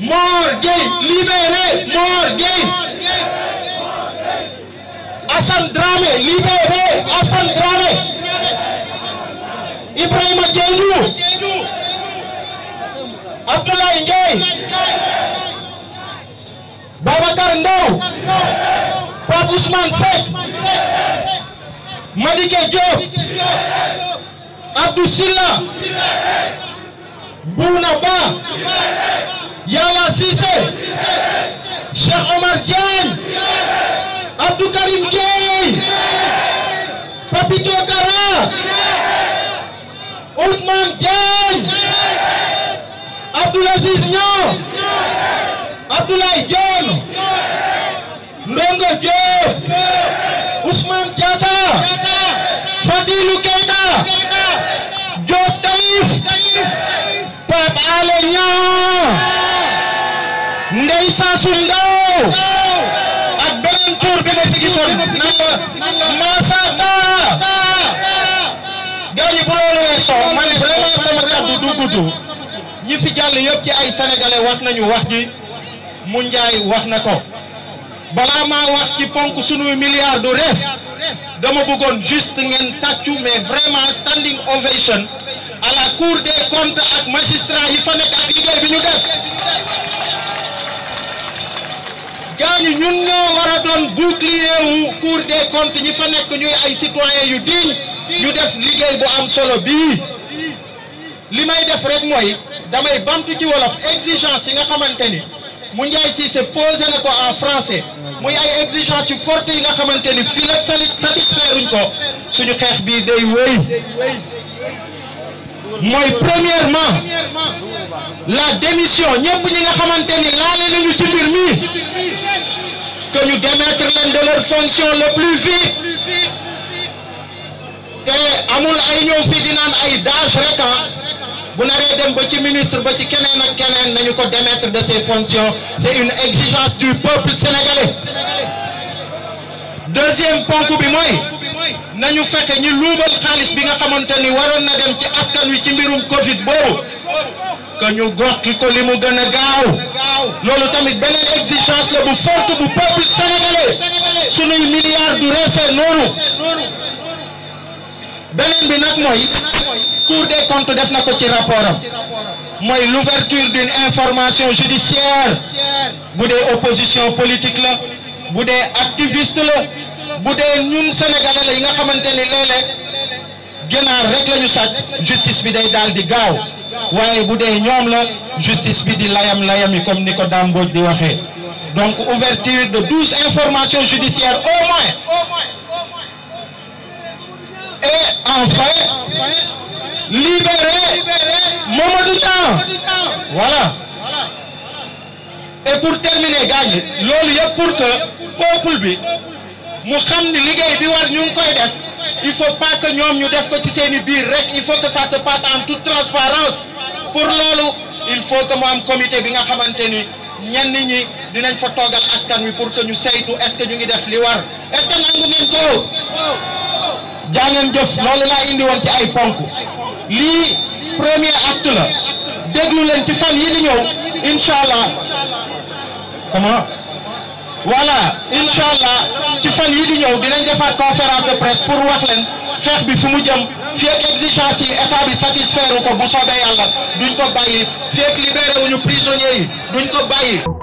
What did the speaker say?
Morgen, libérez Morgen. Hassan Dramé, libérez Hassan Dramé. Ibrahim Djendou. Abdoulaye Ndiaye. Babacar Ndaw. Pape Ousmane Seck. Madike Diop. Abdou Silla. Bouna Ba. Yaya Sise Cheikh Omar Diagne Abdul Karim Gueye Papito Kara Ousmane Diagne Abdoulaziz Niang Abdoulaye Dione Ndongo Diop Ousmane Diatta Jata, Keita Diop Taïf Pape Alé Massa Sundaw ak ñi fi jàll yëpp ci ay sénégalais wax nañu wax ji mu wax wax ci ponk dama juste mais vraiment standing ovation à la cour des comptes ak magistrat yi fa ak def gaañu ñun nga war a doon bouclier wu cour des comptes ñi fa nekk ñuy ay citoyens yu digne yu def liggéey bu am solo bii li may def rek mooy damay bamtu ci wolof exigence yi nga xamante ni mu Ndiaye Cissé posé na ko en français muy ay exigence yu forte yi nga xamante ni fii la satisfaire ko suñu xeex bii day wéy mooy premièrement la démission ñëpp ñi nga xamante ni la nous démettre de leurs fonctions le plus vite Et amul ay fait ah. ministre ba ci ak démettre de ses fonctions c'est une exigence du peuple sénégalais deuxième point, bi moy nañu fait ñu loubal xaliss bi nga ni dem ci Covid que ñu gox ko li mu gën a gaaw loolu tamit beneen exigence la bu forte bu peuple sénégalais sunuy milliards du reesee noonu beneen bi nag mooy Cour de comptes def na ko ci rapport am mooy l'ouverture d'une information judiciaire bu dee opposition politique la bu dee activiste la bu dee ñun sénégalais la yi nga xamante ni léeg-léeg ginaar rek la ñu justice bi day daal di gaaw. Ouais, vous dee ñoom la justice bi di layam layami comme ni ko Dame donc ouverture de douze informations judiciaires au moins et enfin libérer du temps. voilà et pour terminer gars yi loolu pour que peuple bi mu xam ni war koy il faut pas que nous ñu def ko ci biir il faut que ça se passe en toute transparence pour loolu il faut que mu comité bi nga xamante ni ñenn ñi dinañ fa toogal askan wi pour que ñu saytu est-ce que ñu ngi def li war est-ce que nangu ngeen ko jàngeen jëf loolu laa indi woon ci ay ponk lii premier acte la déglu leen ci fan yi di ñëw incha allah comment voilà incha allah ci fan yi di ñëw dinañ defaat conférence de presse pour wax leen xeex bi fu mu jëm. fii ak exigence yi état bi satisfaire ko bu soobee yàlla duñ ko bàyyi fii ak libéré wuñu prisonniers yi duñ ko bàyyi.